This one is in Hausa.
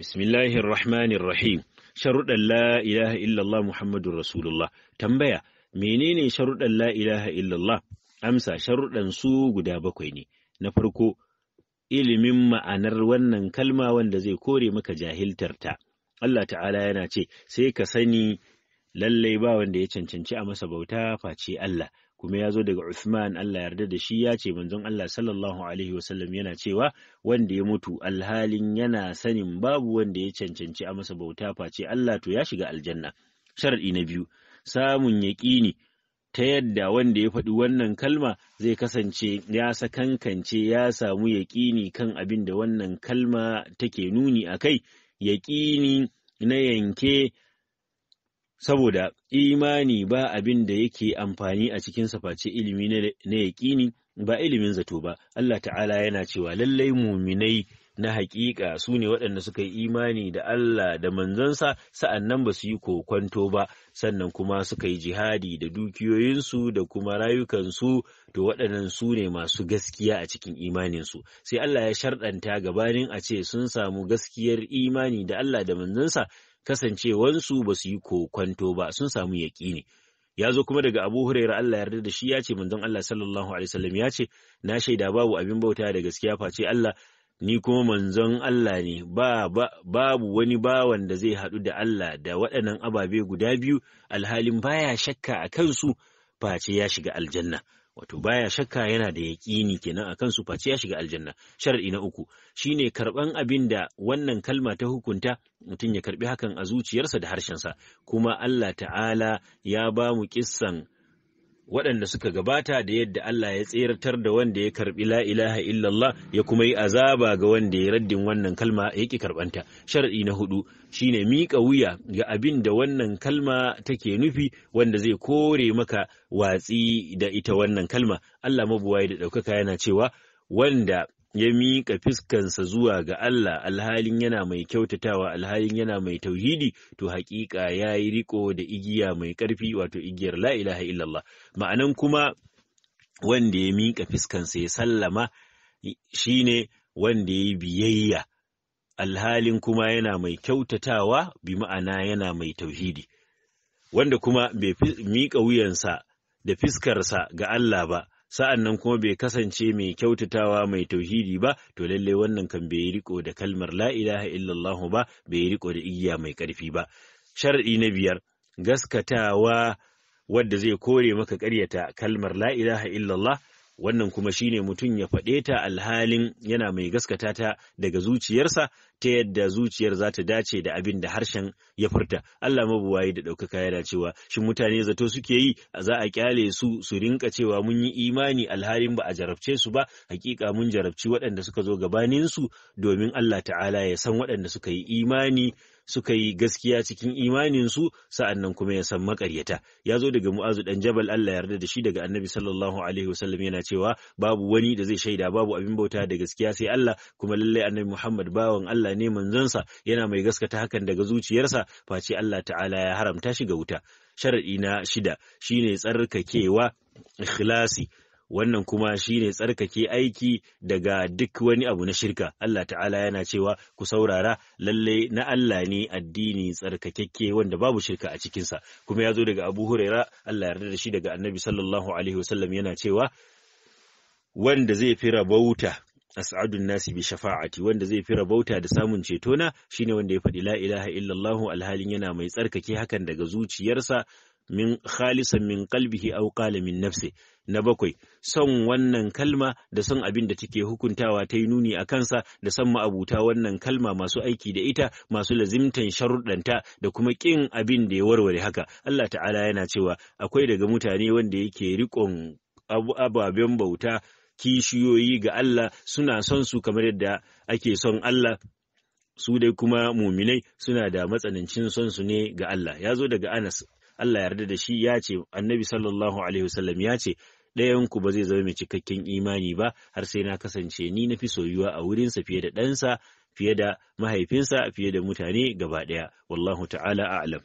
bismillahir rahmanir rahim sharuɗan la ilaha illallah muhammadur rasulullah tambaya menene sharuɗan la ilaha illallah amsa sharuɗan su guda bakwai ne na farko ilimin ma'anar wannan kalma wanda zai kore maka jahiltarta Allah ta'ala yana ce sai ka sani lallai ba wanda ya cancanci a masa bauta face Allah kuma ya zo daga Uthman Allah yarda da shi ya ce manzon Allah sallallahu alaihi wasallam yana cewa wanda ya mutu alhalin yana sanin babu wanda ya cancanci a masa bauta face Allah to ya shiga aljanna sharadi na biyu samun yaƙini ta yadda wanda ya faɗi wannan kalma zai kasance ya sakankance ya samu yaƙini kan abin da wannan kalma take nuni a kai yaƙini na yanke saboda imani ba abin da yake amfani a cikin face ilimi na yaƙini ba ilimin zato ba Allah ta'ala yana cewa lallai muminai na haƙiƙa su ne waɗanda suka yi imani da Allah da manzansa sa'annan ba su yi kokwanto ba sannan kuma suka yi jihadi da dukiyoyinsu da kuma rayukansu to waɗannan su ne masu gaskiya a cikin imaninsu sai Allah ya sharɗanta gabanin a ce sun samu gaskiyar imani da Allah da manzansa kasancewansu ba su yi kwanto ba sun samu ne. ya zo kuma daga Abu Hurairah Allah yarda da shi ya ce manzon Allah sallallahu alaihi wasallam ya ce na shaida babu abin bauta da gaskiya face Allah ni kuma manzon Allah ne ba, ba babu wani bawan da zai haɗu da Allah da waɗannan ababe guda biyu alhalin baya shakka a kansu face ya shiga aljanna wato baya shakka yana da yaƙini kenan akan su face ya shiga aljanna sharadi na uku shine karban abin da wannan kalma ta hukunta mutum ya karbi hakan a zuciyarsa da harshensa kuma Allah ta'ala ya ba mu kissan waɗanda suka gabata da yadda Allah ya tseratar da wanda ya karɓi la ilaha illallah ya kuma yi azaba ga wanda ya raddin wannan kalma ya ki karɓanta sharadi na hudu shine miƙa wuya ga abin da wannan kalma take nufi wanda zai kore maka watsi da ita wannan kalma Allah mabuwayi da ɗaukaka yana cewa wanda ya miƙa fiskansa zuwa ga Allah alhalin yana mai kyautatawa alhalin yana mai tauhidi to haƙiƙa ya yi riko da igiya mai ƙarfi wato igiyar la ilaha illallah ma'anan kuma wanda ya miƙa fiskansa ya sallama shi ne wanda ya yi biyayya alhalin kuma yana mai kyautatawa bi ma'ana yana mai tauhidi wanda kuma bai miƙa wuyansa da fiskarsa ga Allah ba sa'an nan kuma bai kasance mai kyautatawa mai tauhidi ba to lallai wannan kan bai riko da kalmar la ilaha illallah ba bai riko da igiya mai ƙarfi ba sharaɗi na biyar gaskatawa wadda zai kore maka ƙaryata kalmar la ilaha illallah wannan kuma shine mutum ya faɗe ta alhalin yana mai gaskata ta daga zuciyarsa ta yadda zuciyar za ta dace da abin da harshen ya furta Allah mabuwayi da ɗaukaka yana cewa shin mutane zato suke yi a za a kyale su su rinka cewa mun yi imani alhalin ba a jarabce su ba hakika mun jarabci waɗanda suka zo gabanin su domin Allah ta'ala ya san waɗanda suka yi imani suka yi gaskiya cikin imaninsu nan kuma ya san makaryata ya zo daga mu'azu ɗan jabal Allah yarda da shi daga annabi sallallahu alaihi wasallam yana cewa babu wani da zai shaida babu abin bauta da gaskiya sai Allah kuma lallai annabi Muhammad bawan Allah ne manzansa yana mai gaskata hakan daga zuciyarsa face Allah ta'ala ya haramta shi ga wuta sharaɗi na shida shine tsarkakewa ikhlasi wannan kuma shi ne tsarkake aiki daga duk wani abu na shirka Allah ta'ala yana cewa ku saurara lallai na Allah ne addini tsarkakekke wanda babu shirka a cikinsa kuma ya zo daga Abu Huraira Allah yarda da shi daga Annabi sallallahu alaihi wasallam yana cewa wanda zai fi rabauta as'adun nasi bi shafa'ati wanda zai fi rabauta da samun ceto na shine wanda ya faɗi la ilaha illallah alhalin yana mai tsarkake hakan daga zuciyarsa min khalisan min kalbihi aw qala min nafsi na bakwai son wannan kalma da son abin da take hukuntawa ta yi nuni a kansa da son ma'abuta wannan kalma masu aiki da ita masu lazimtan sharuɗanta da kuma ƙin abin da ya warware haka Allah ta'ala yana cewa akwai daga mutane wanda yake riƙon ababen bauta kishiyoyi ga Allah suna son su kamar yadda ake son Allah su dai kuma muminai suna da matsanancin son su ne ga Allah ya zo daga Anas Allah yarda da shi ya ce annabi sallallahu alaihi wasallam ya ce ɗayanku ba zai zama mai cikakken imani ba har sai na kasance ni na fi soyuwa a wurinsa fiye da ɗansa fiye da mahaifinsa fiye da mutane gaba ɗaya wallahu ta'ala a'lam